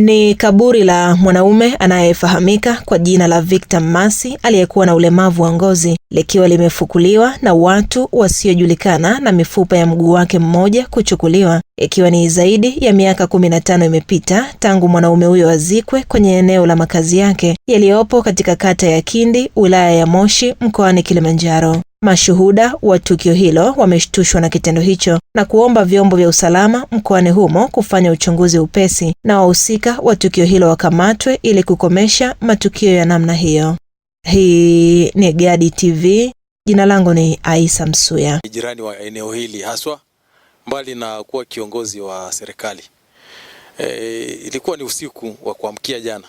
Ni kaburi la mwanaume anayefahamika kwa jina la Victor Masi aliyekuwa na ulemavu wa ngozi likiwa limefukuliwa na watu wasiojulikana na mifupa ya mguu wake mmoja kuchukuliwa, ikiwa ni zaidi ya miaka 15 imepita tangu mwanaume huyo azikwe kwenye eneo la makazi yake yaliyopo katika kata ya Kindi, wilaya ya Moshi, mkoani Kilimanjaro. Mashuhuda wa tukio hilo wameshtushwa na kitendo hicho na kuomba vyombo vya usalama mkoani humo kufanya uchunguzi upesi na wahusika wa tukio hilo wakamatwe ili kukomesha matukio ya namna hiyo. Hii ni Gadi TV. Jina langu ni Aisa Msuya. Jirani wa eneo hili haswa, mbali na kuwa kiongozi wa serikali e, ilikuwa ni usiku wa kuamkia jana.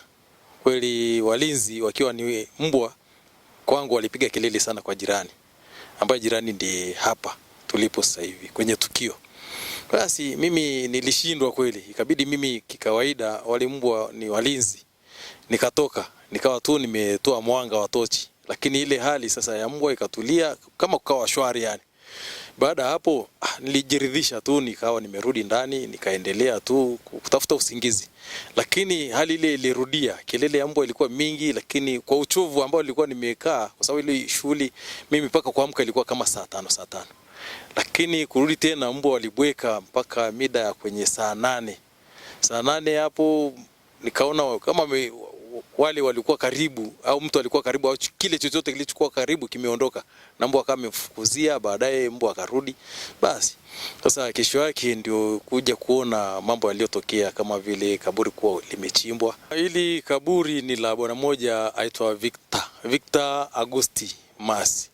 Kweli walinzi wakiwa ni mbwa kwangu walipiga kelele sana kwa jirani ambaye jirani ndi hapa tulipo sasa hivi kwenye tukio. Basi mimi nilishindwa kweli, ikabidi mimi kikawaida, wale mbwa ni walinzi, nikatoka nikawa tu nimetoa mwanga wa tochi, lakini ile hali sasa ya mbwa ikatulia kama kukawa shwari yani. Baada ya hapo ah, nilijiridhisha tu, nikawa nimerudi ndani, nikaendelea tu kutafuta usingizi, lakini hali ile ilirudia. Kelele ya mbwa ilikuwa mingi, lakini kwa uchovu ambao nilikuwa nimekaa, kwa sababu ile shughuli mimi mpaka kuamka ilikuwa kama saa tano saa tano, lakini kurudi tena mbwa walibweka mpaka mida ya kwenye saa nane saa nane hapo nikaona kama me, wale walikuwa karibu au mtu alikuwa karibu au kile chochote kilichokuwa karibu kimeondoka, na mbwa kama amemfukuzia, baadaye mbwa akarudi. Basi sasa kesho yake ndio kuja kuona mambo yaliyotokea, kama vile kaburi kuwa limechimbwa. Hili kaburi ni la bwana mmoja aitwa Victor, Victor Agusti Masi.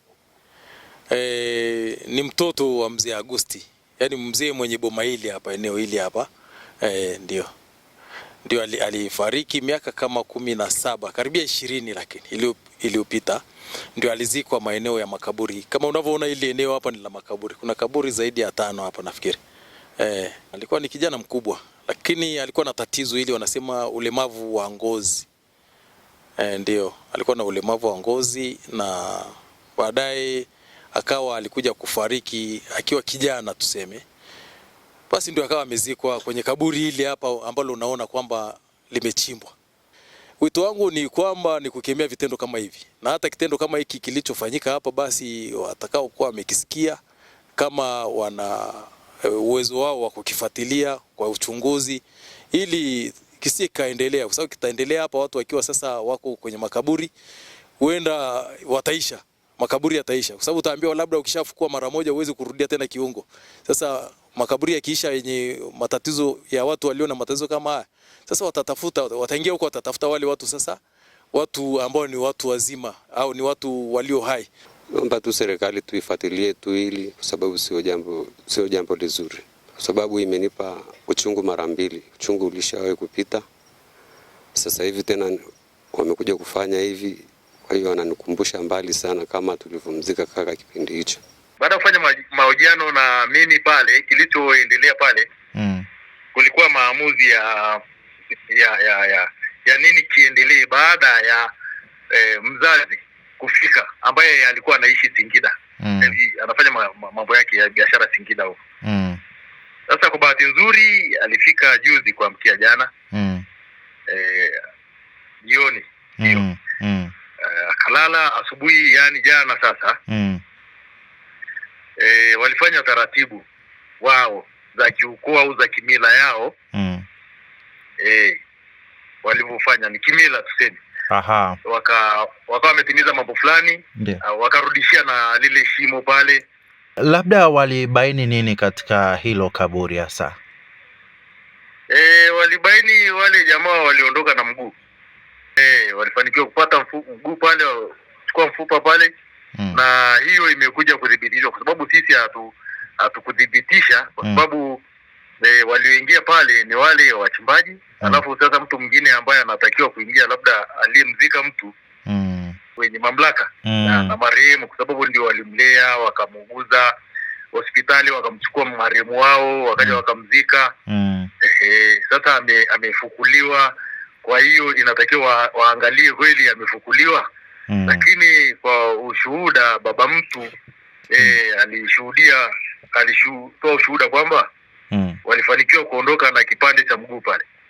E, ni mtoto wa mzee Agusti, yaani mzee mwenye boma hili hapa eneo hili hapa e, ndio ndio alifariki miaka kama kumi na saba karibia ishirini lakini iliyopita ndio alizikwa maeneo ya makaburi. Kama unavyoona ile eneo hapa ni la makaburi, kuna kaburi zaidi ya tano hapa nafikiri. Eh, alikuwa ni kijana mkubwa, lakini alikuwa na tatizo hili wanasema ulemavu wa ngozi. Eh, ndio alikuwa na ulemavu wa ngozi na baadaye akawa alikuja kufariki akiwa kijana tuseme basi ndio akawa amezikwa kwenye kaburi hili hapa ambalo unaona kwamba limechimbwa. Wito wangu ni kwamba ni kukemea vitendo kama hivi, na hata kitendo kama hiki kilichofanyika hapa, basi watakao kuwa wamekisikia kama wana e, uwezo wao wa kukifuatilia kwa uchunguzi, ili kisie kaendelea, kwa sababu kitaendelea hapa watu wakiwa sasa wako kwenye makaburi, huenda wataisha makaburi yataisha, kwa sababu utaambiwa labda ukishafukua mara moja uwezi kurudia tena kiungo. Sasa makaburi yakiisha yenye matatizo ya watu walio na matatizo kama haya, sasa watatafuta, wataingia huko, watatafuta wale watu sasa, watu ambao ni watu wazima au ni watu walio hai. Naomba tu serikali tuifuatilie tu hili, kwa sababu sio jambo, sio jambo lizuri, kwa sababu imenipa uchungu mara mbili. Uchungu ulishawahi kupita, sasa hivi tena wamekuja kufanya hivi. Kwa hiyo ananikumbusha mbali sana kama tulivyomzika kaka kipindi hicho. Baada ya kufanya mahojiano na mimi pale, kilichoendelea pale mm. kulikuwa maamuzi ya ya ya ya, ya nini kiendelee baada ya eh, mzazi kufika ambaye alikuwa anaishi Singida mm. anafanya mambo yake ya biashara Singida huko mm. Sasa kwa bahati nzuri alifika juzi kuamkia jana mm. asubuhi, yani jana sasa mm. E, walifanya taratibu wao za kiukoo au za kimila yao mm. E, walivyofanya ni kimila tuseme, aha, waka wakawa wametimiza mambo fulani wakarudishia na lile shimo pale. Labda walibaini nini katika hilo kaburi hasa? E, walibaini wale jamaa waliondoka na mguu e, walifanikiwa kupata mguu pale kuchukua mfupa pale mm. na hiyo imekuja kudhibitishwa kwa sababu sisi hatu hatukudhibitisha kwa mm. sababu mm. e, walioingia pale ni wale wachimbaji mm. alafu sasa mtu mwingine ambaye anatakiwa kuingia labda aliyemzika mtu mm. wenye mamlaka mm. na, na marehemu kwa sababu ndio walimlea wakamuuguza hospitali wakamchukua marehemu wao wakaja mm. wakamzika mm. e, sasa ame, amefukuliwa kwa hiyo inatakiwa wa, waangalie kweli amefukuliwa mm. Lakini kwa ushuhuda baba mtu e, alishuhudia alitoa ushuhuda kwamba mm. walifanikiwa kuondoka na kipande cha mguu pale